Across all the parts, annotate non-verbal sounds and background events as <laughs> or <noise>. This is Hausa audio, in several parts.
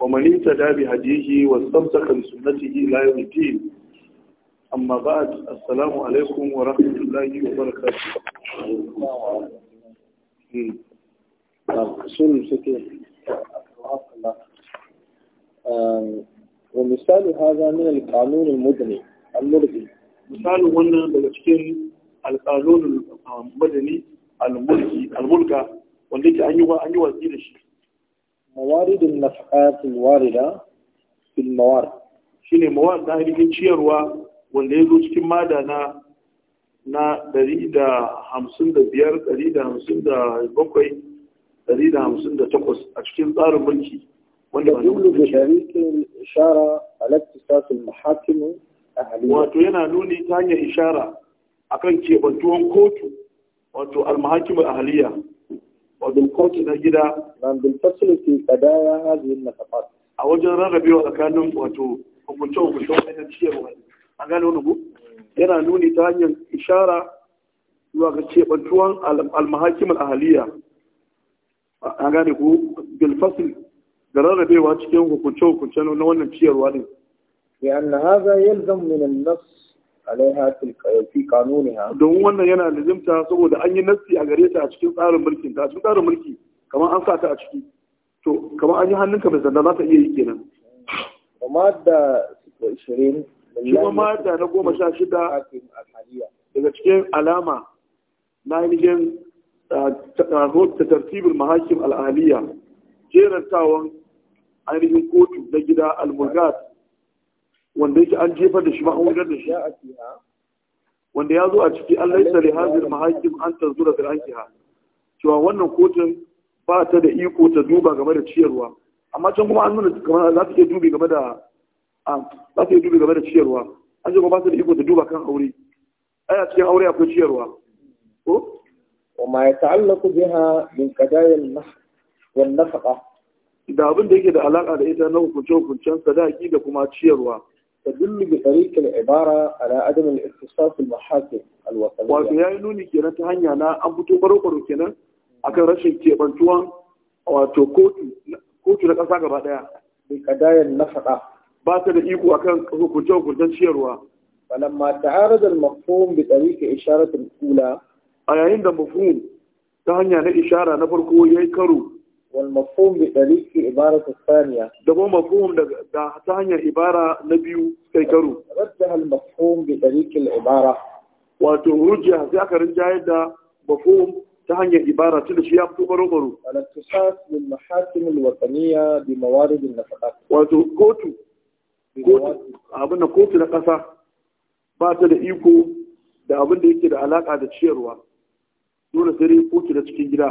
ومن اهتدى بهديه واستمسك بسنته إلى يوم الدين أما بعد السلام عليكم ورحمة الله وبركاته سوري الفكر ومثال هذا من القانون المدني المرضي مثال هنا بالتكين alƙalolin madani almulka wanda ke an yi watsi da shi mawaridin nafaqatul warida fil mawar ne mawar da ainihin ciyarwa wanda ya zo cikin mada na na 155 da 158 a cikin tsarin mulki wanda jumlu da sharikin ishara al-iktisas a mahakim wato yana nuni ta hanyar ishara akan kebantuwan kotu wato almahakimul ahliya wato kotu na gida nan bil fasl fi qadaya hadhihi al a wajen rarrabewa tsakanin wato hukunce hukunce wajen ciyarwa an gane wani ku yana nuni ta hanyar ishara zuwa ga kebantuwan almahakimul ahliya an gane ku bil fasl da rarrabewa cikin hukunce hukunce na wannan ciyarwa ne لأن هذا يلزم من النص alaiha fi kanuniha don wannan yana lazimta saboda an yi nassi a gare ta a cikin tsarin mulkin ta cikin tsarin mulki kamar an sa ta a ciki to kamar an yi hannunka mai sanda za ta iya yi kenan amma da 20 shi ma da na goma sha shida daga cikin alama na ainihin ta tartibin mahakim al'aliya jerantawan ainihin kotu na gida al-murgat wanda yake an jefar da shi ma an wajen da shi wanda ya zo a ciki an laisa da hazir mahakim an tanzura ranki ha cewa wannan kotun ba ta da iko ta duba game da ciyarwa amma can kuma an nuna kamar za ta iya dubi game da za ta iya dubi game da ciyarwa an ce kuma ba ta da iko ta duba kan aure aya cikin aure akwai ciyarwa ko وما يتعلق بها من قضايا النفقة والنفقة da abin da yake da alaka da ita na hukunce-hukuncen sadaki da kuma ciyarwa تدل بطريق العبارة على عدم الاختصاص بالمحاكم الوطنية. وفي هاي نوني كنا تهني أنا أبو تبرو برو كنا أكن رشين كيبانتوان wato kotu na ƙasa gaba ɗaya. Bai kadayar nafaɗa. Ba ta da iko akan hukunce hukuncen ciyarwa. Falamma ta'arada al-mafhum bi tariqi isharat al-ula. A yayin da mafhum ta hanya na ishara na farko yayi karo والمفهوم بطريق عبارة الثانية دبو مفهوم دا ثانية عبارة نبيو كيكرو رجح المفهوم بطريق العبارة واتو رجح ذاك رجاية ده مفهوم ثانية عبارة تلشي يابتو برو برو الاتصاص للمحاكم الوطنية بموارد النفقات واتو كوتو كوتو abinda كوتو na ƙasa ba da iko da abin da yake da alaka da ciyarwa dole sai dai kotu da cikin gida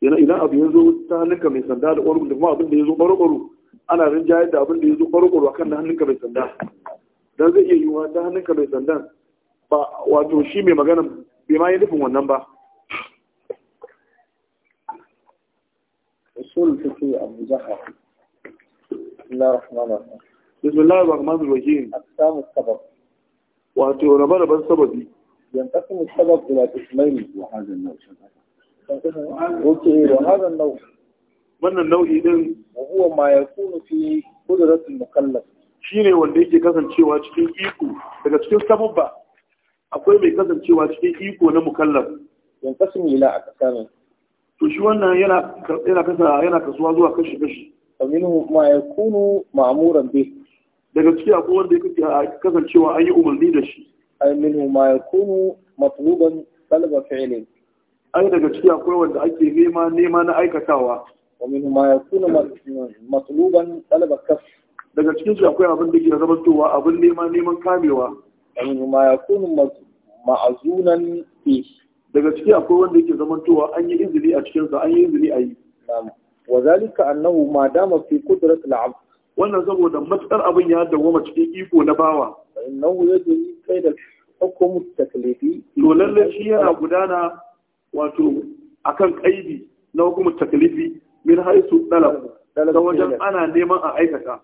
yana idan abu ya zo ta hannunka mai sanda da ƙwarƙwaro da kuma abin da ya zo ƙwarƙwaro ana rinjayar da abin da ya zo ƙwarƙwaro a kan da hannunka mai sanda don zai iya yiwuwa ta hannunka mai sanda, ba wato shi mai magana bai ma yi nufin wannan ba usul fiqh Abu Jahal wato rabe-raben sababi ينقسم السبب إلى قسمين وهذا النوع أوكي وهذا النوع من النوع إذن وهو ما يكون في قدرة المكلف shine wanda yake kasancewa cikin iko daga cikin sabubba akwai mai kasancewa cikin iko na mukallaf yan kasu ila a kasanin to shi wannan yana yana kasa yana kasuwa zuwa kashi kashi aminu ma yakunu ma'muran bi daga cikin akwai wanda yake kasancewa an yi umarni da shi ay minhu ma yakunu matluban talaba fi'lin ai daga ciki akwai wanda ake nema nema na aikatawa wa minhu ma yakunu matluban talaba kaf daga cikin shi akwai abin da ke zamantowa abin nema neman kamewa wa minhu ma yakunu ma'azunan fi daga ciki akwai wanda yake zamantowa an yi izini a cikin sa, an yi izini a yi wa zalika annahu ma dama fi qudrat al-abd wannan saboda matsar abin ya dawoma cikin iko na bawa innahu yajri kai da hukum taklifi to lalle shi yana gudana wato akan kaidi na hukum taklifi min haisu dalab ta wajen ana neman a aikata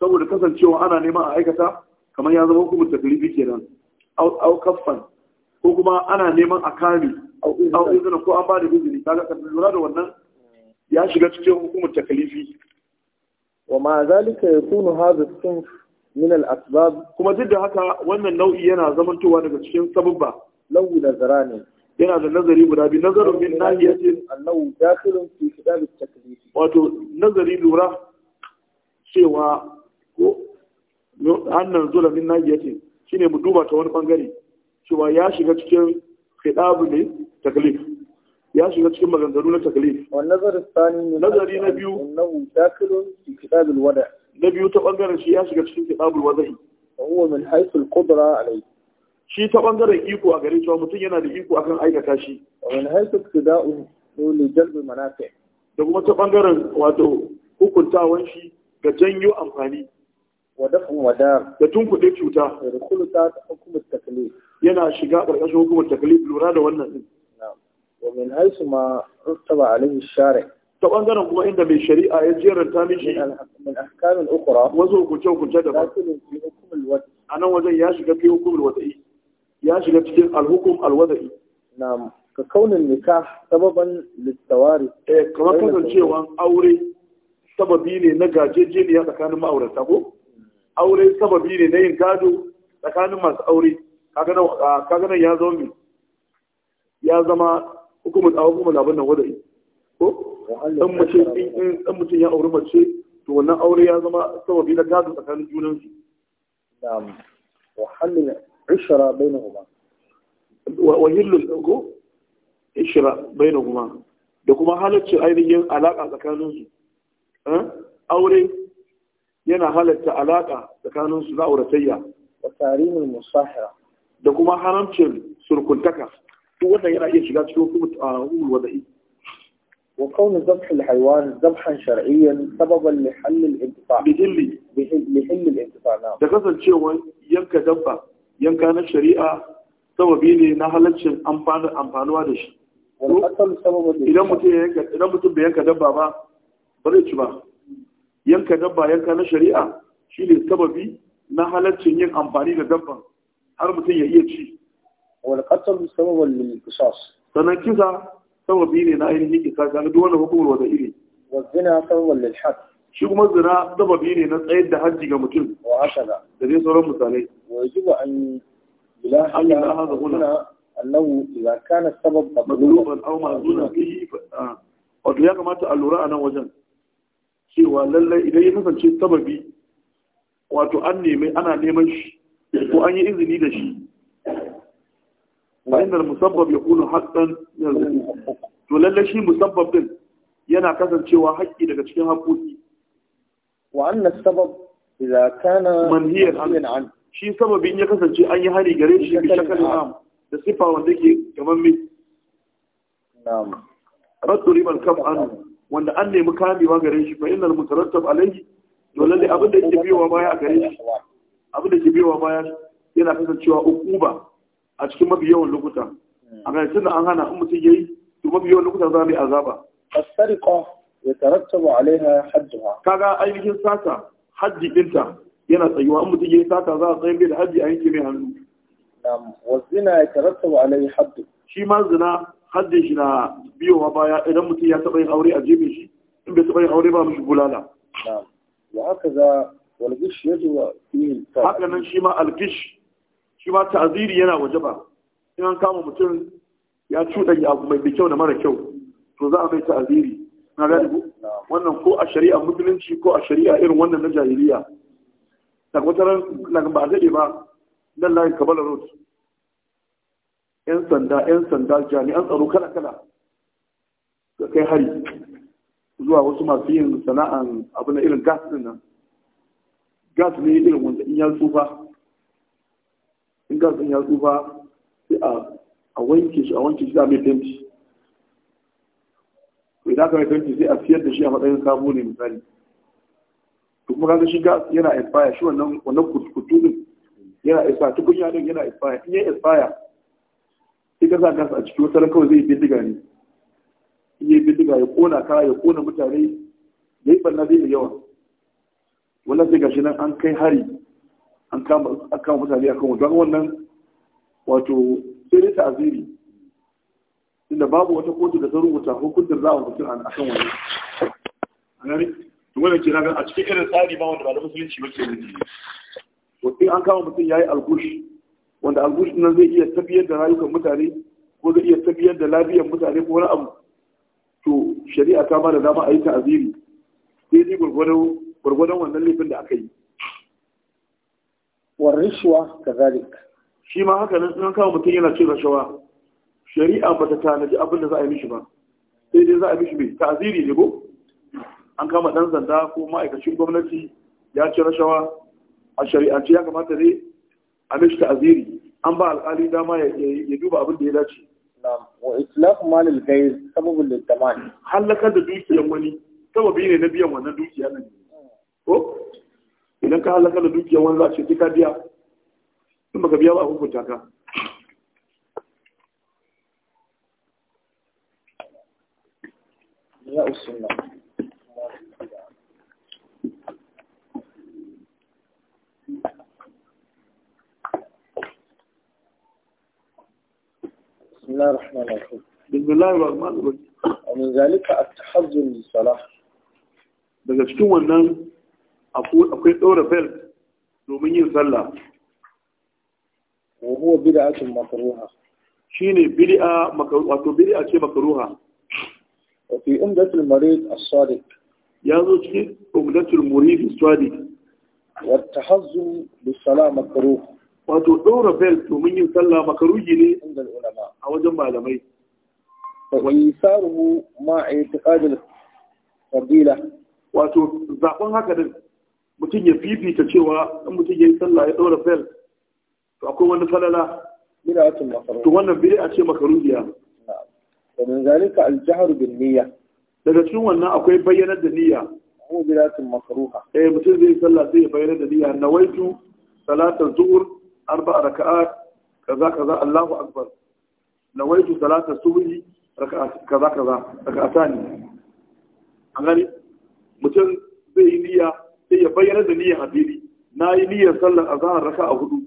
saboda kasancewa ana neman a aikata kamar ya zama hukum taklifi kenan au kaffan ko kuma ana neman a kame au izinin ko an ba da izini kaga lura da wannan ya shiga cikin hukumar taklifi wa ma zalika yakunu hadha as-sinf min al-asbab kuma duk da haka wannan nau'i yana zamantowa daga cikin sababba lawu nazarani yana da nazari guda biyu nazarin min nahiyatin annahu dakhilun fi kitab at-taklif wato nazari lura cewa ko annan zula min nahiyatin shine mu duba ta wani bangare cewa ya shiga cikin kitabul ne taklif ya shiga cikin maganganu na taklif wa nazar tsani nazari na biyu innahu dakhilun fi kitab alwada na biyu ta bangaren shi ya shiga cikin kitab alwada'i wa huwa min haythu alqudra alayhi shi ta bangaren iko a gare shi mutum yana da iko akan aikata shi wa min haythu ibtida'u li jalb manafi' da kuma ta bangaren wato hukuntawan shi ga janyo amfani wa daf'un wadar. da tunkuɗe cuta da kullu ta hukumar taklif yana shiga ƙarƙashin hukumar taklif lura da wannan din wa min haisu ma ruttaba alaihi shari'a ta bangaren kuma inda mai shari'a ya jeranta mishi min ahkamin ukra wasu hukunce hukunce da ba a nan wajen ya shiga fi hukumul wada'i ya shiga cikin alhukum alwada'i na'am ka kaunin nikah sababan littawari eh kamar kasancewan aure sababi ne na gajejeniya tsakanin ma'aurata ko aure sababi ne na yin gado tsakanin masu aure kaga nan ya zama ya zama hukumar tsawo hukumar labin nan yi ko dan mace in dan mutum ya auri mace to wannan aure ya zama sababi na gado tsakanin junan su na'am wa halil ishra bainahuma wa hilul ko ishra bainahuma da kuma halacci ainihin alaka tsakanin su eh? aure yana halatta alaka tsakanin su na auratayya wa tarimul musahira da kuma haramcin surkuntaka duk wannan yana iya shiga cikin hukumar wada'i وكون ذبح الحيوان ذبحا شرعيا سببا لحل الانتفاع بحل لحل الانتفاع نعم ده Da kasancewa yanka dabba yanka na shari'a sababi ne na halaccin amfani amfanuwa da shi idan mutum yanka idan mutum bai yanka dabba ba ba zai ci ba yanka dabba yanka na shari'a shine sababi na halaccin yin amfani da dabban har mutum ya iya ci wal qatl sababan lil qisas sannan kisa sababi ne na ainihin kisa ga duk wannan hukumar wanda iri wa zina sababan lil shi kuma zina sababi ne na tsayar da hajji ga mutum wa asala da dai sauran misalai wa yajibu an bila an la hada huna annahu idza kana sabab madluban aw mazuna bihi wato ya kamata a lura a nan wajen cewa lallai idan ya kasance sababi wato an nemi ana neman shi ko an yi izini da shi فإن المسبب يكون حقا to lalle shi musabbab din yana kasancewa haƙƙi daga cikin haƙoƙi wa anna sabab idza kana manhiyan an shi sababin ya kasance an yi hari gare shi bi shakal am da sifa wanda yake kaman me na'am raddu liman kaf an wanda an nemi kamewa gare shi fa innal mutarattab alayhi to lalle abin da yake biyowa baya a gare shi abin da yake biyowa baya yana kasancewa uquba a cikin mafi yawan lokuta hmm. a ga tunda an hana in mutum yayi to mafi yawan lokuta za mu yi azaba as-sariqa yatarattabu alaiha hadduha kaga ainihin sata haddi dinta yana tsayuwa in mutum yayi sata za a tsaye da haddi a yanke mai hannu na'am wa zina yatarattabu alaihi haddu shi ma zina haddin shi na biyowa baya idan mutum ya taɓa yin aure a jebe shi in bai taɓa yin aure ba mishi bulala. Wa haka za walgish ya zo fiye Haka nan shi ma algish shi ma ta'aziri yana waje ba in an kama mutum ya ya abu mai kyau da mara kyau to za a mai ta'aziri na galibu wannan ko a shari'a musulunci ko a shari'a irin wannan na jahiliya daga wata ran ba zai ba nan layin kabala road yan sanda yan sanda jami'an tsaro kala kala Da kai hari zuwa wasu masu yin sana'an abu na irin gas din nan gas ne irin wanda in ya tsufa in gas ɗin ya tsufa sai a wanke shi a wanke shi za a mai fenti idan aka mai fenti sai a siyar da shi a matsayin sabo ne misali to kuma kaga shi gas yana expire shi wannan wannan kutu yana expire tukunya din yana expire in ya expire sai ka sa gas a cikin wata kawai zai bindiga ne in ya bindiga ya kona ka ya kona mutane ya yi ɓanna zai da yawa wannan sai gashi nan an kai hari an kama mutane a kan don wannan wato sai dai ta'aziri inda babu wata kotu da ta rubuta hukuncin za a mutum a kan wani a gani to wannan a cikin irin tsari ba wanda ba da musulunci ba ke da to in an kama mutum ya yi algushi wanda algushi nan zai iya tafiyar da rayukan mutane ko zai iya tafiyar da lafiyar mutane ko wani abu to shari'a ta ba da dama a yi ta'aziri sai dai gwargwadon wannan laifin da aka yi wa rishwa kazalik shi ma haka nan kan kawo mutum yana cin rashawa shari'a ba ta tanaji abin da za a yi mishi ba sai dai za a yi mishi mai ta'aziri ne ko an kama dan sanda ko ma'aikacin gwamnati ya ci rashawa a shari'ance ya kamata ne a mishi ta'aziri an ba alƙali dama ya duba abin da ya dace wa itlaq malil ghayr sababul tamani halaka da dukiyar wani sababi ne na biyan wannan dukiyar nan ko idan ka halaka da dukiyar wani za ce ka biya in baka biya ba a hukunta ka بسم الله الرحمن الرحيم بسم الله الرحمن الرحيم ومن ذلك daga cikin wannan akwai ɗora fel domin yin sallah wa huwa bid'atun makruha shine bid'a makruha wato bid'a ce makruha wa fi umdatul marid as-sadiq zo cikin umdatul murid as-sadiq wa tahazzum bi salam makruh wato ɗora fel domin yin sallah makruhi ne inda ulama a wajen malamai wa yisaruhu ma'a i'tiqad fadila wato zaɓen haka din mutum ya fifita cewa in mutum ya yi sallah ya ɗaura bel to akwai wani falala to wannan a ce makaruhiya wa zalika aljahar bin niyya daga cikin wannan akwai bayyanar da niyya mu makruha eh mutum zai sallah sai ya bayyana da niyya nawaitu salatar zuhur arba'a raka'at kaza kaza Allahu akbar nawaitu salatar subhi raka'at kaza kaza raka'atani an gani mutum zai yi niyya sai ya bayyana da niyyar hadiri na yi niyyar sallar a zahar raka a hudu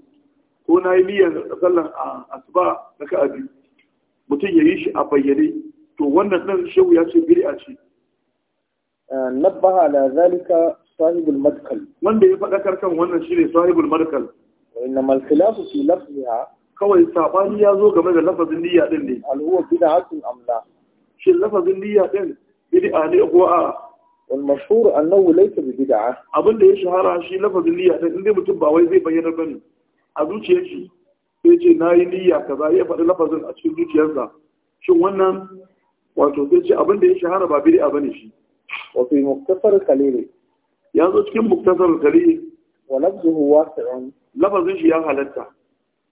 ko na yi niyyar sallar a asuba raka a biyu mutum ya yi shi a bayyane to wannan nan shehu ya ce biri a ce eh, nabbaha ala zalika sahibul madkal wanda ya faɗakar kan wannan shi ne sahibul madkal wa innamal khilafu fi lafiya kawai sabani ya zo game da lafazin niyya din ne al huwa bid'atun amla shin lafazin niyya din bid'a ne ko a والمشهور أنه ليس ببدعة أبن ده يشهر شيء لفظ النية إن ده متبع ويزي بيان بني أدوش يجي يجي ناي نية كذا يفعل لفظ الأشياء دوش يزا شو وانا wato sai ce abin ya shahara ba bid'a bane shi wa fi muktasar khalil ya zo cikin muktasar khalil wa lafzuhu wasi'un lafazin shi ya halatta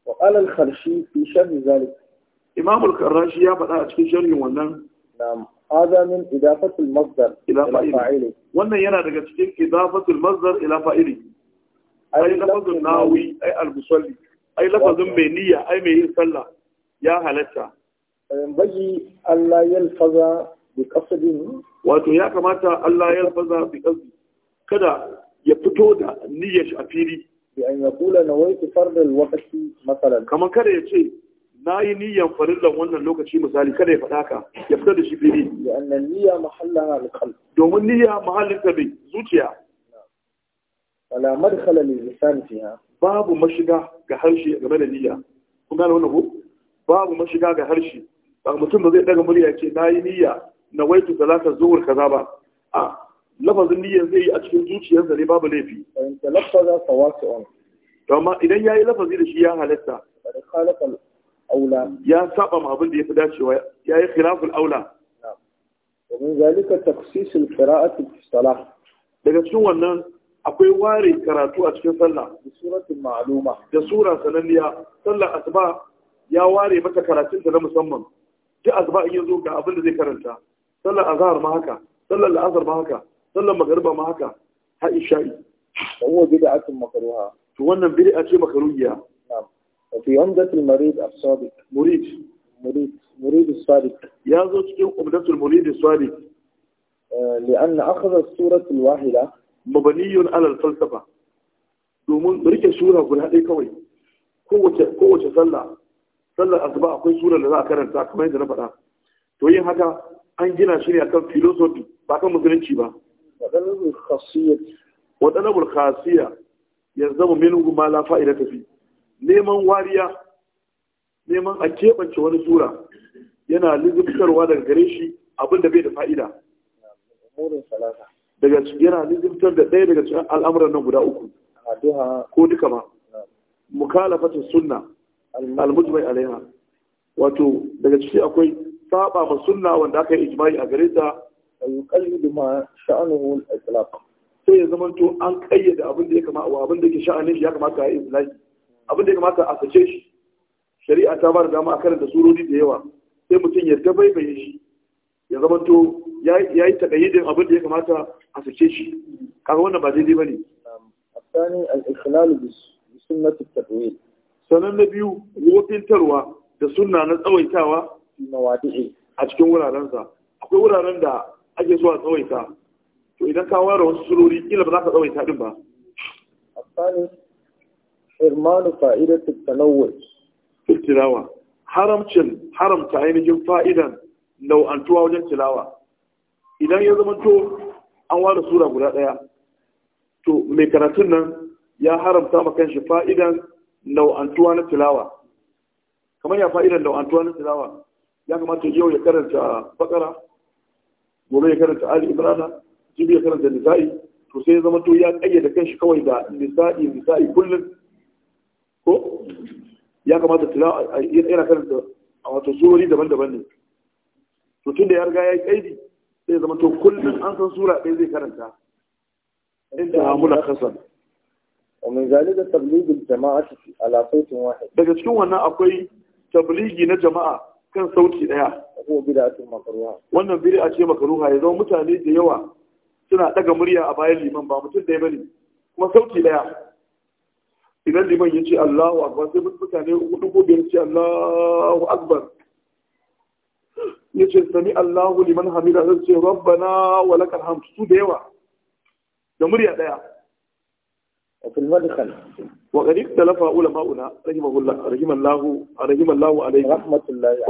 wa al-kharshi fi sharh zalik imam al-kharshi ya faɗa a cikin sharhin wannan na'am هذا من إضافة المصدر إلى فاعله وأن ينا دقا تشكين إضافة المصدر إلى فاعله أي لفظ الناوي أي المصلي أي لفظ مينية أي مي صلى يا هلتا ينبغي ألا يلفظ بقصد wato ya kamata Allah ya faza bi kalbi kada ya fito da niyyar shi a fili bi an yaqula nawaitu fardal waqti masalan kamar kada ya ce na yi niyyar farillan wannan lokaci misali kada ya faɗa ka ya fitar da shi fili alƙal domin niyya mahallin ta bai zuciya wala madkhala lil lisan babu mashiga ga harshe game da niyya kun gane wannan ko babu mashiga ga harshe ba mutum ba zai daga murya ce na yi niyya na waitu salatar zuwar kaza ba a lafazin niyyar zai yi a cikin zuciyarsa ne babu laifi in talaffaza sawasu'un to amma idan yayi lafazi da shi ya halatta aula ya saba ma abin da yafi dacewa yayi khilaful aula ومن ذلك daga cikin wannan akwai ware karatu a cikin sallah da suratul sura sananniya sallar asuba ya ware mata karatun ta na musamman duk asuba in yazo ga abin da zai karanta sallar azhar ma haka sallar la'asar ma haka sallar magariba ma haka har isha'i wa huwa bid'atun makruha to wannan bid'a ce makruhiya وفي عمدة المريض الصادق مريد مريد مريد الصادق يا زوجتي عمدة المريد الصادق لأن أخذ الصورة الواحدة مبني على الفلسفة domin rike sura guda ɗaya kawai kowace sallah sallar akwai sura da za a karanta kamar yadda na faɗa to haka an gina shi ne akan philosophy ba kan musulunci ba wadannan bulkhasiya ya zama minhu ma la fa'ida tafi neman wariya neman a keɓance wani sura yana lizimtarwa daga gare shi abinda bai da fa'ida daga yana lizimtar da ɗaya daga cikin al'amuran nan guda uku ko duka ma mukalafatin sunna al-mujmai alaiha wato daga ciki akwai saba ma sunna wanda aka yi ijma'i a gare ta yuqallidu ma sai ya to an kayyade abin da ya kama abin da ke sha'anin shi ya kamata ya yi islahi abin da ya kamata a sace shi shari'a ta ba da dama a karanta surori da yawa sai mutum ya baibaye shi ya to ya yi takayyidin abin da ya kamata a sace shi kaga wannan ba daidai ba ne الثاني الإخلال بسنة التطويل sanan na biyu wofintarwa da sunna na tsawaitawa a cikin wurarensa akwai wuraren da ake zuwa tsawaita to idan ka ware wasu surori kila ba za ka tsawaita din ba irmanu faida tanawwu fil tilawa haramcin haramta ainihin fa'idan nau'antuwa wajen tilawa idan ya zama to an ware sura guda ɗaya to mai karatun nan ya haramta ma shi fa'idan nau'antuwa na tilawa kamar ya fa'idan nau'antuwa na tilawa ya kamata yau ya karanta bakara gobe ya karanta ali imrana jibi ya karanta nisa'i to sai ya zama to ya kan shi kawai da nisa'i nisa'i kullum ko ya kamata tilawa yana karanta a wato surori daban-daban ne to tun da ya riga ya yi kaidi sai zama to kullum an san sura ɗaya zai karanta inda ya amula kasan ومن ذلك jama'a الجماعة على صوت واحد daga cikin wannan akwai tabligi na jama'a kan sauti ɗaya. Wannan bid'atun a ce makruha ya zama mutane da yawa suna ɗaga murya a bayan liman ba mutum da ya bane kuma sauti ɗaya. idan liman ya ce Allahu Akwai sai mutane hudu ko ya ce Allahu akbar ya ce sami Allahu liman hamida zai ce rabbana wa lakal hamd su da yawa da murya daya a fil madkhal wa qad ikhtalafa ulama una rahimahullah rahimallahu rahimallahu alayhi rahmatullahi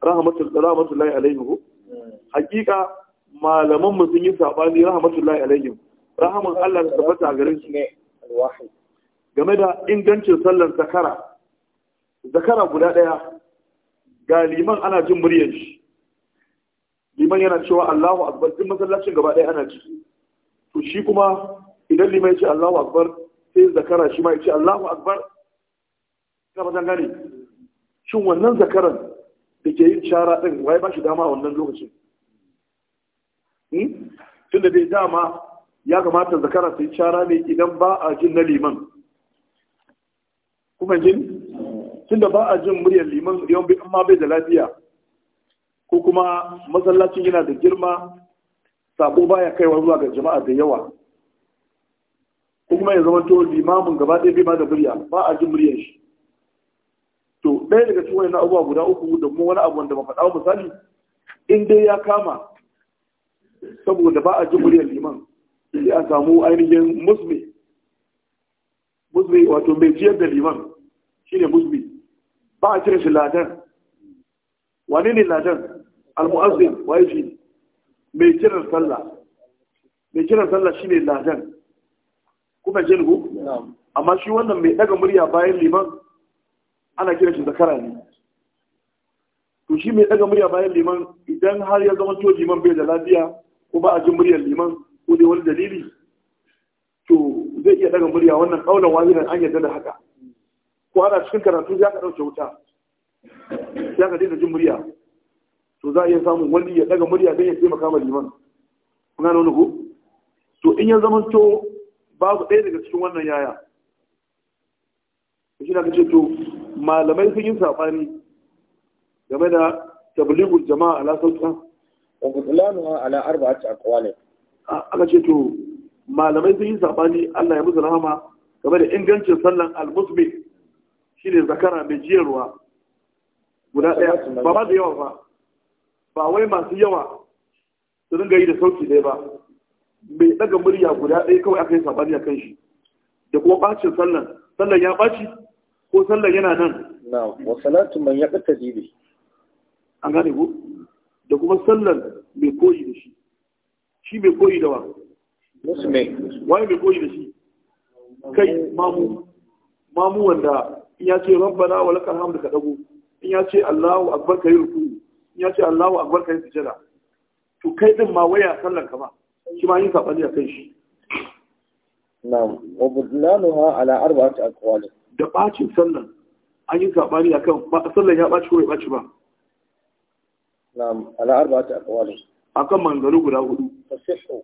rahmatullahi rahmatullahi alayhi hakika malaman mu sun yi sabani rahmatullahi alayhi rahaman Allah da tabbata garin shi ne alwahid game da ingancin sallar zakara zakara guda ɗaya ga liman ana jin muryar shi liman yana cewa Allahu akbar duk masallacin gaba ɗaya ana ciki to shi kuma idan liman ya ce Allahu akbar sai zakara shi ma ya ce Allahu akbar ba fatan gane shin wannan zakaran da ke yin shara din, waye ba shi dama wannan lokacin hmm? tunda bai dama ya kamata zakara sai shara ne idan ba a jin na liman kuma jin da ba a jin muryar liman yawan bai amma bai da lafiya ko kuma masallacin yana da girma sabo baya kaiwa zuwa ga jama'a da yawa ko kuma ya zama to limamin gaba ɗaya bai ma da murya ba a jin muryar shi to ɗaya daga cikin wani abubuwa guda uku da kuma wani abu wanda ba faɗa misali in dai ya kama saboda ba a jin muryar liman sai a samu ainihin musme musme wato mai jiyar da liman shi ne musulmi ba a cire shi ladan wani ne ladan al-mu'azzin waye shi mai kiran sallah mai kiran sallah shi ne ladan kuma jin ku amma shi wannan mai daga murya bayan liman ana kira shi zakara ne to shi mai daga murya bayan liman idan har ya zama to liman bai da lafiya ko ba a jin muryar liman ko dai wani dalili to zai iya daga murya wannan kaulan wahidan an yarda da haka ko ana cikin karatu ya ka ɗauke wuta ya ka daina jin murya to za a iya samun wani ya ɗaga murya don ya taimaka ma liman kuna nuna ku to in ya zama to babu ɗaya daga cikin wannan yaya shi na kace to malamai sun yi saɓani game da tabligul jama'a ala sauka wa kutulanuwa ala arba'ati aqwali aka ce to malamai sun yi saɓani Allah ya musu rahama game da ingancin sallan al-musbih shine zakara mai jiyarwa guda ɗaya ba ma da yawa ba ba wai masu yawa su ringa yi da sauki ɗaya ba mai ɗaga murya guda ɗaya kawai aka yi sabani a kan shi da kuma ɓacin sallan sallan ya ɓaci ko sallan yana nan na wa salatu man ya ɓata jibi an gane ku da kuma sallan mai koyi da shi shi mai koyi da wa waye mai koyi da shi kai mamu mamu wanda in ya ce rabbana wa lakal hamdu ka dago in ya ce Allahu akbar kai ruku in ya ce Allahu akbar kai sujada to kai din ma waya sallan ka ba shi ma yin sabani a kai shi na'am wa budlanuha ala arba'ati aqwal da bacin sallan an yi sabani akan ba sallan ya baci ko ya baci ba na'am ala arba'ati aqwal akan manzaru guda hudu tasihu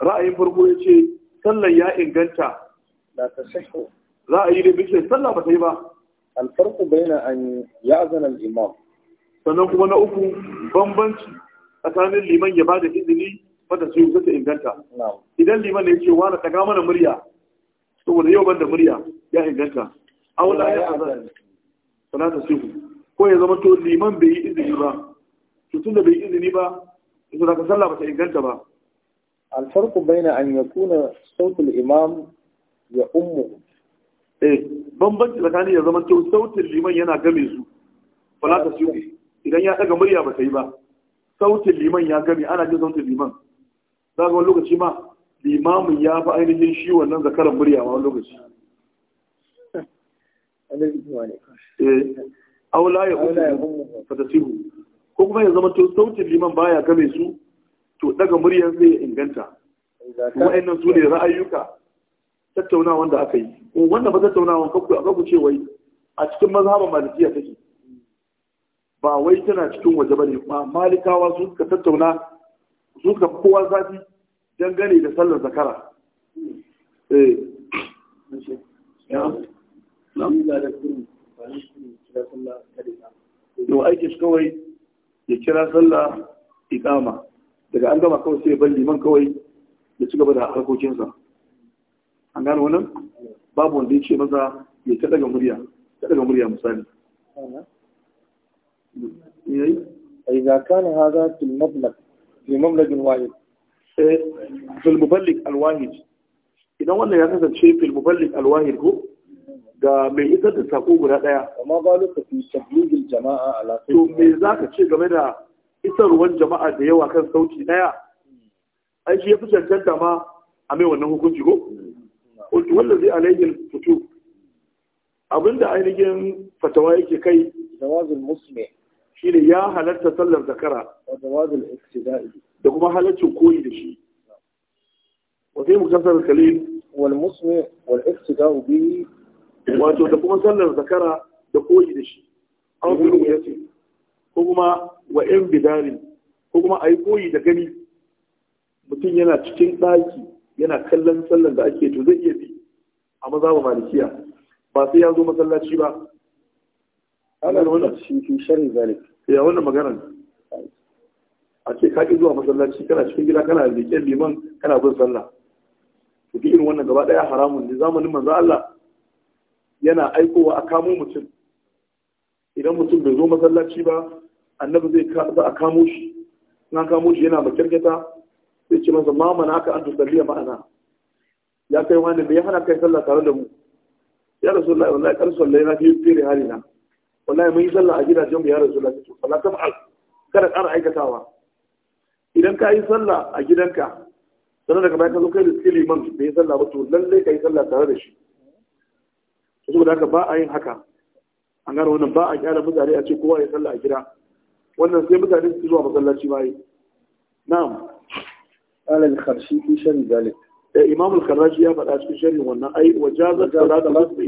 ra'ayin farko yace sallan ya inganta la tasihhu za a yi da bishe sallah ba ta yi ba alfarku baina an ya zana imam sannan kuma na uku bambanci tsakanin liman ya bada izini wata su yi ta inganta idan liman ne ce wani taga mana murya saboda yau banda murya ya inganta aula ya azan ta su ko ya zama to liman bai yi izini ba tun da bai yi izini ba to da sallah ba ta inganta ba Alfarku an ya kuna sautin imam ya ummu. Eh, bambanci tsakanin ya zama kyau sautin liman yana game su fala ta shi idan ya daga murya ba ta yi ba sautin liman ya game ana jin sautin liman za ga wani lokaci ma limamin ya fi ainihin shi wannan zakarar murya ma wani lokaci <laughs> eh, aula ya umu fatasihu ko kuma ya zama to sautin liman baya game su to daga muryar zai inganta kuma ainihin su ne ra'ayyuka tattaunawa da aka yi ko eh, wanda ba tattaunawan kakku a kakku ce wai a cikin mazhaban malikiya take ba wai tana cikin waje bane ba malikawa su suka tattauna su ka kowa zafi dangane da sallar zakara eh yau aiki shi kawai ya kira sallah ikama daga an gama kawai sai ya bar liman kawai ya ci gaba da harkokinsa an gano wannan babu wanda ya ce maza ya ta daga murya ta daga murya misali yayi yi zakanin haza fil mablagh fi mablagh wahid fil eh, muballigh al wahid idan wannan ya kasance fil muballigh al wahid ko ga mai isar da sako guda daya amma ba ka fi tabligh jama'a ala to me zaka ce game da isarwar jama'a da yawa kan sauti daya ai shi fi cancanta ma a mai wannan hukunci ko wato wanda zai alaikin fito abinda ainihin fatawa yake kai jawazul muslim shine ya halatta sallar zakara da jawazul iktida'i da kuma halarcin koyi da shi wa sai muktasar kalil wal musulmi wal iktida'u bihi wato da kuma sallar zakara da koyi da shi an zuru ya ce ko kuma wa yan bidanin ko kuma a yi koyi da gani mutum yana cikin ɗaki yana kallon sallan da ake to zai iya bi a mazhabin malikiya ba sai ya zo masallaci ba ana da wannan shi fi sharri zalik ya wannan magana. a ce ka ki zuwa masallaci kana cikin gida kana leƙen liman kana bin sallah to duk irin wannan gaba daya haramun ne zamanin manzo Allah yana aikowa a kamo mutum idan mutum bai zo masallaci ba annabi zai za a kamo shi na an kamo shi yana makirkata ce masa ma mana aka an tusalli ya ma'ana ya kai wani bai hana kai sallah tare da mu ya rasu Allah wallahi kar sallai na fi fere na wallahi mun yi sallah a gidajen mu ya rasu Allah to fala taf'al kada ƙara aikatawa idan ka yi sallah a gidanka sannan daga baya ka zo kai da skill man bai yi sallah ba to lalle ka yi sallah tare da shi to saboda haka ba a yin haka an gano wannan ba a kyara mutane a ce kowa ya sallah a gida wannan sai mutane su zuwa masallaci ba yi na'am alal kharshi fi shari dalik da imam al-kharraj ya faɗa cikin sharhin wannan ai wajaza salat al-asr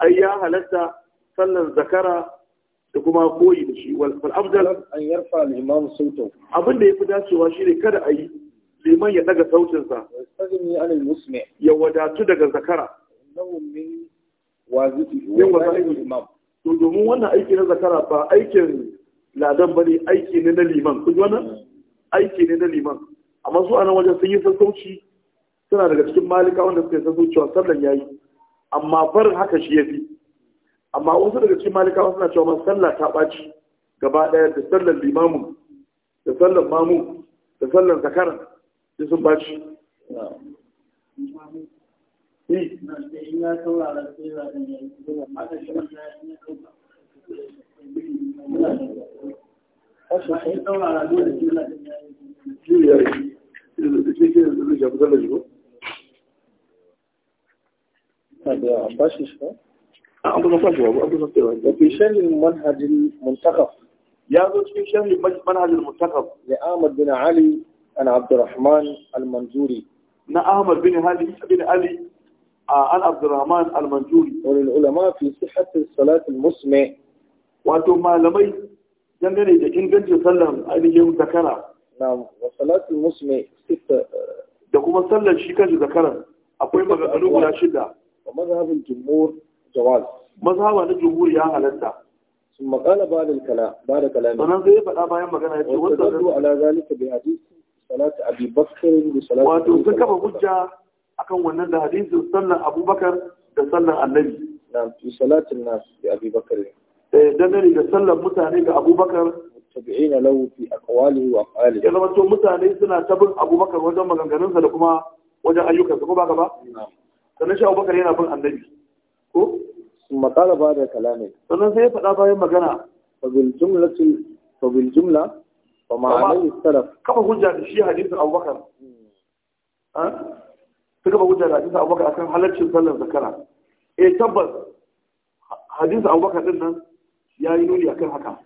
ai ya halatta sallan zakara da kuma koyi da shi wal afdal an yarfa al-imam sautu abin da yafi dacewa shine kada a yi liman ya daga sautin sa sallani alal musmi ya wadatu daga zakara nawu min wazifi yin wazifi imam to domin wannan aiki na zakara ba aikin ladan bane aiki ne aiki ne na liman amma su a nan wajen sun yi sassauci suna daga cikin malika wanda suka yi wa sallan ya yi amma farin haka shi ya fi amma wasu daga cikin wasu suna cewa masu sallah ta ɓaci gaba ɗaya da sallar limamu da sallar mamu da sallar zakara da sun ɓaci Thank eh. you. zai shafi sallar shi ko? da bashi shi ba? an kuma bashi ba an kuma sai ba fi sharhin manhajin muntakaf ya zo cikin sharhin manhajin muntakaf da Ahmad bin Ali an Abdurrahman al-Manzuri na Ahmad bin Ali bin Ali an Abdurrahman al-Manzuri wal ulama fi sihhati salat al-musmi wato malamai dangane da ingancin sallar ainihin zakara na salatul musmi da kuma sallar shi kan zakaran akwai maganganu guda shida mazhabin jumhur jawaz mazhaba na jumhur ya halatta Sun قال ba da بعد كلامه zai زي فدا bayan magana yace wannan ala zalika bi hadisi salatu abi bakr bi salatu. wato sun kafa hujja akan wannan da hadisin sallan abubakar da sallan annabi na'am fi salatin nas bi abubakar bakr eh dangane da sallan mutane ga abubakar muttabi'ina lahu fi aqwalihi wa af'alihi ya zama to mutane suna tabin abubakar wajen maganganunsa da kuma wajen ayyukansa ko ba ka ba sannan shi abubakar yana bin annabi ko ثم قال بعد كلامه sannan sai ya faɗa bayan magana fabil jumlati jumla wa ma alayhi salaf kafa hujja da shi hadisin abubakar ha hmm. ah? ta kafa hujja abubakar akan halaccin sallar zakara E, tabbas hadisin abubakar din nan ya yi nuni akan haka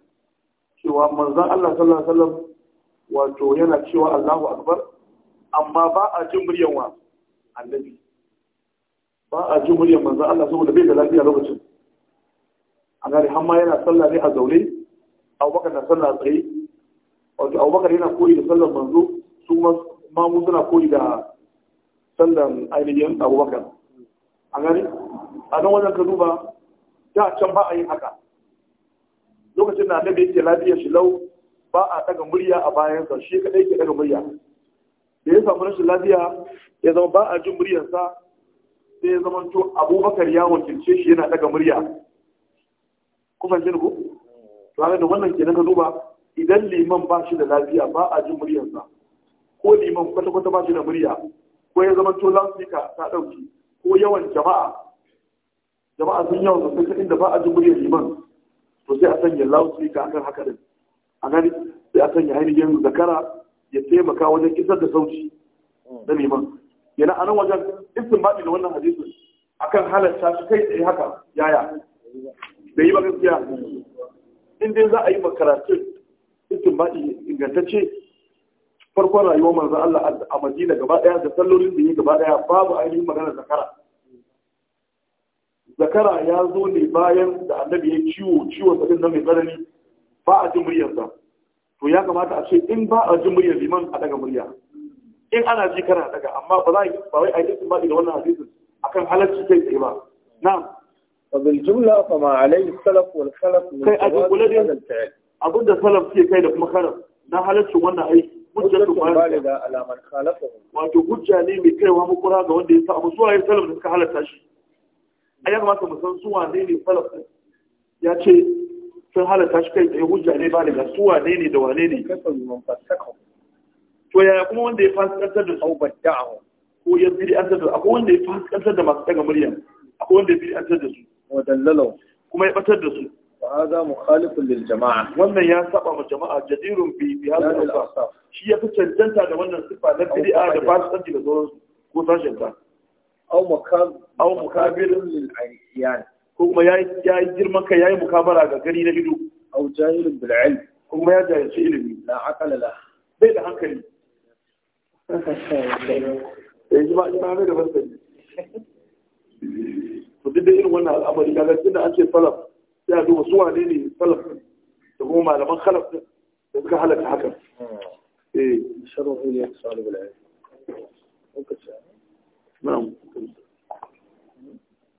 cewa manzan Allah sallallahu alaihi wato yana cewa Allahu akbar amma ba a jin muryan wa annabi ba a jin muryan manzan Allah saboda bai da lafiya lokacin A gari hamma yana sallah ne a zaune abubakar na sallah tsaye wato abubakar yana koyi da sallar manzo su kuma mamu suna koyi da sallar ainihin abubakar A gari a don wajen ka duba da can ba a yi haka lokacin da annabi yake lafiyar shi lau ba a daga murya a bayansa shi kadai ke daga murya da ya samu rashin lafiya ya zama ba a jin muryarsa sai ya zama to abubakar ya wakilce shi yana daga murya kuma jin ku to haka da wannan kenan ka duba idan liman ba shi da lafiya ba a jin muryarsa ko liman kwata-kwata ba shi da murya ko ya zama to loudspeaker ta ɗauki ko yawan jama'a jama'a sun yawan sosai inda ba a jin muryar liman to sai a sanya loudspeaker akan haka din a gani sai a sanya ainihin zakara ya taimaka wajen isar da sauci da neman. yana anan wajen baɗi da wannan hadisin akan halarta shi kai tsaye haka yaya da yi ba gaskiya in dai za a yi isin baɗi ingantacce farkon rayuwar manzo Allah a Madina gaba ɗaya, da sallolin da yi gaba ɗaya, babu ainihin magana zakara zakara ya zo ne bayan da annabi ya ciwo ciwon sadin na mai tsanani ba a jin muryarsa to ya kamata a ce in ba a jin muryar liman a daga murya in ana ji kana daga amma ba za ba wai a yi ba da wannan hadisin akan halarci kai tsaye ba na'am fabin jumla fa ma alayhi salaf wal khalaf kai a kula dai abin da salaf ke kai da kuma khalaf na halarci wannan aiki hujjatu baliga ala man khalafahu wato hujja ne mai kaiwa mukura ga wanda ya sa abu suwaye salaf da suka halarta shi a ya kamata mu san suwa ne ne salaf ya ce sun halatta shi kai tsaye hujja ne ba daga suwa ne ne da wane ne to yaya kuma wanda ya kasar da sau a ko ya bid'antar da akwai wanda ya kasar da masu daga murya akwai wanda ya bid'antar da su wa kuma ya batar da su وهذا مخالف jama'a. wannan ya saba ma jama'a jadirun bi bi hadal shi ya fi cancanta da wannan sifa na bid'a da fasu da sauransu ko sashen ta أو مكان أو مكابر للعين هو ما جاي جاي جير مكة جاي مكابر على قرينة بدو أو جاي بالعلم هو ما جاي شيء لا عقل لا بيد هكذا <laughs> إجماع إيه، إجماع هذا بس فدي دين أنا الأمر إذا قلت لنا أنت طلب يا دو سوا ليني طلب هو ما لما خلق تبقى حلق حكم آه. إيه شرف إليك سؤال بالعلم ممكن سؤال na'am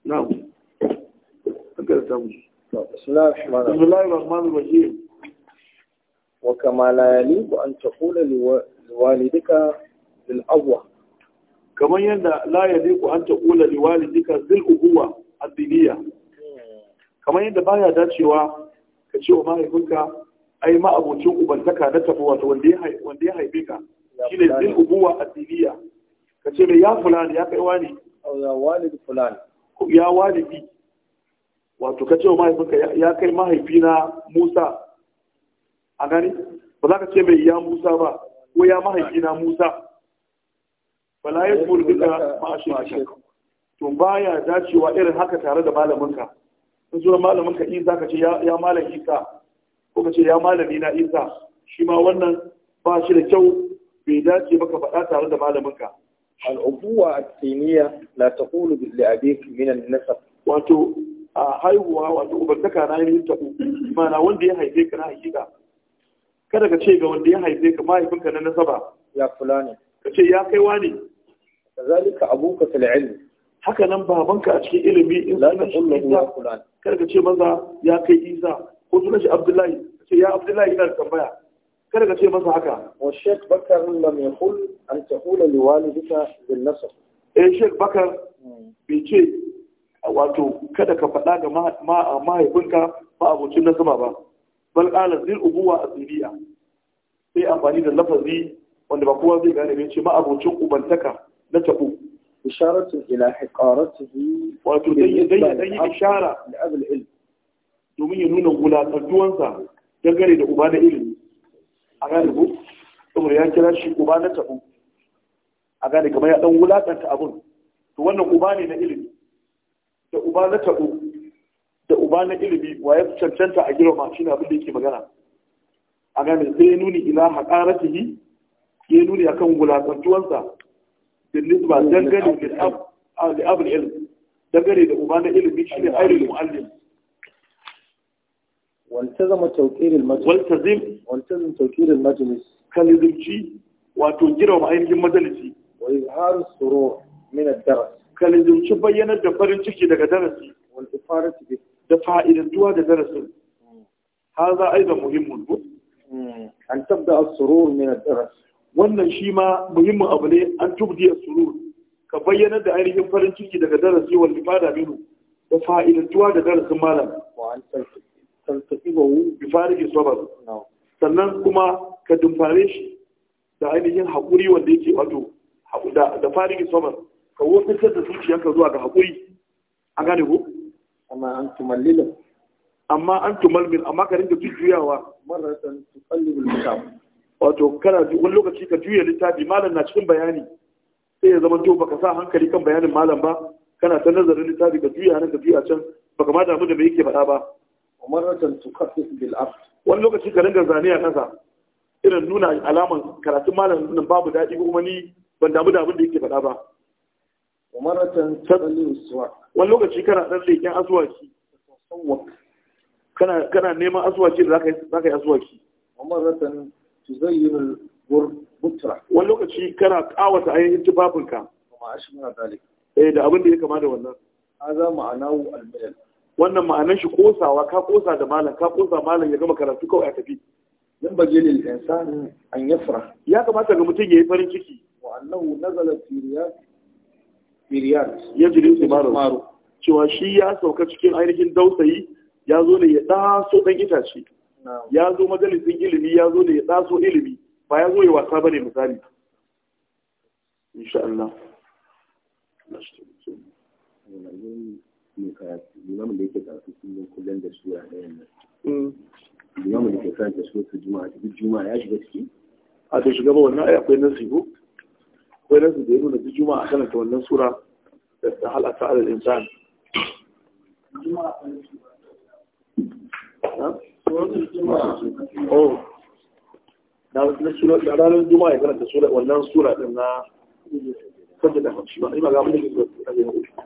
na'am aka samu bismillahir rahmanir rahim wa kama la yaliqu an taqula liwalidika bil abwa kamar yadda la yaliqu an taqula liwalidika kamar yadda baya dacewa ka ce wa mahaifinka ai ma'abocin ubantaka na tafi wato wanda ya haife ka shine zil ubuwa addiniya ka ce mai ya fulani ya kai wani ya walid fulani ya walidi wato ka ce wa mahaifinka ya kai mahaifina musa a gani ba za ka ce mai ya musa ba ko ya mahaifina musa bala ya kuri duka ma'ashin to baya dacewa irin haka tare da malaminka in zuwa malaminka isa ka ce ya malam isa ko ka ce ya malami na isa shi ma wannan ba shi da kyau bai dace baka faɗa tare da malaminka al'ubuwa a tsiniya na ta kulu li'abik minan nasab wato a haihuwa wato ubantaka na yin tabu mana wanda ya haife ka na hakika kada ka ce ga wanda ya haife ka mahaifinka na nasaba ya kula fulani ka ce ya kai wani kazalika abuka fil ilmi haka nan babanka a cikin ilimi in sunan ya isa kada ka ce maza ya kai isa ko sunan shi abdullahi ka ce ya abdullahi ina da tambaya kada ka ce masa haka wa Sheikh bakar lam yaqul an taqula li walidika bil nasr eh Sheikh bakar hmm. bai ce wato kada ka faɗa ga mahaifinka ba abocin nasaba ba bal qala zil ubuwa asiriya sai amfani da lafazi wanda ba kowa zai gane ne ce ma abocin ubantaka na tabu isharatu ila hiqaratihi wato dai dai dai ishara da abul ilm domin ya nuna wulakantuwansa dangane da uba da ilimi a gane ku saboda ya kira shi uba na tabo a gane kamar ya dan wulakanta abun to wannan uba ne na ilimi da uba na tabo da uba na ilimi wa ya cancanta a girma shi na abin da yake magana a gane sai ya nuni ila haƙaratihi ya nuni akan wulakantuwansa bin nisba dangane da abin ilimi dangane da uba na ilimi shi ne ainihin mu'allim والتزم توقير المجلس والتزم والتزم توقير المجلس كالذنشي وتنجره بعين المجلس وإظهار السرور من الدرس كالذنشي بينا دفرن شكي دك درسي والإفارة به دفع إلى الدواء درس هذا أيضا مهم أن تبدأ السرور من الدرس wannan shi ma muhimmin abu ne an tubdi surur ka bayyana da ainihin farin ciki daga darasi wal ifada minhu da fa'idantuwa da darasin malam wa an nasibahu bi farigin sabar sannan kuma ka dumfare shi da ainihin haƙuri wanda yake wato da farigin sabar ka wurtsar da zuciyarka zuwa ga haƙuri an gane ko amma an tumallila amma an tumalmil amma ka rinka jujjuyawa marratan tuqallibul kitab wato kana wani lokaci ka juya littafi malam na cikin bayani sai ya zama to baka sa hankali kan bayanin malam ba kana ta nazarin littafi ka juya nan ka juya can baka ma damu da me yake faɗa ba umaratan tukafis bil ard wani lokaci ka ringa zane a kasa irin nuna alaman karatun malamin nan babu daɗi kuma ni ban damu da abin da yake faɗa ba umaratan tsalli suwa wani lokaci kana dan leken aswaki kana kana neman aswaki da zaka yi aswaki umaratan tuzayyin al butra wani lokaci kana kawata ainihin tufafinka kuma muna dalik eh da abin da ya kama da wannan haza ma'anahu al-milal wannan ma'anar shi kosawa ka kosa da malam ka kosa malam ya gama karatu kawai a tafi yan baje lil insani an yafra ya kamata ga mutum ya yi farin ciki wa annahu nazala fi riyad ya riyad maro. cewa shi ya sauka cikin ainihin dausayi ya zo ne ya ɗaso ɗan itace ya zo majalisin ilimi ya zo ne ya ɗaso ilimi ba ya zo ya wasa ba ne, misali insha Allah limamin da yake karatu kullum da sura ɗaya nan hmm. limamin da ke karanta juma'a da duk juma'a ya shiga ciki a to shiga ba wannan akwai akwai da ya nuna duk juma'a kana wannan sura da ta alal insan oh. na sura da ranar juma'a ya karanta wannan sura din na da hamshi ba ni ma da ke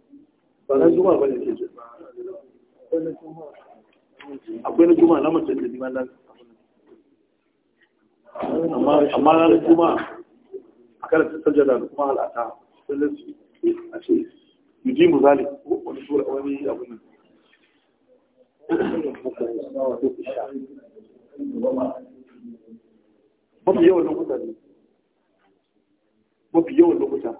ba na juma'a ne akwai na juma'a na mace da nima na amma na juma'a a karanta sajada da kuma al'ata sun lasu a ce yuji mu zali wani sura wani abu ne mafi yawan lokuta ne mafi yawan lokuta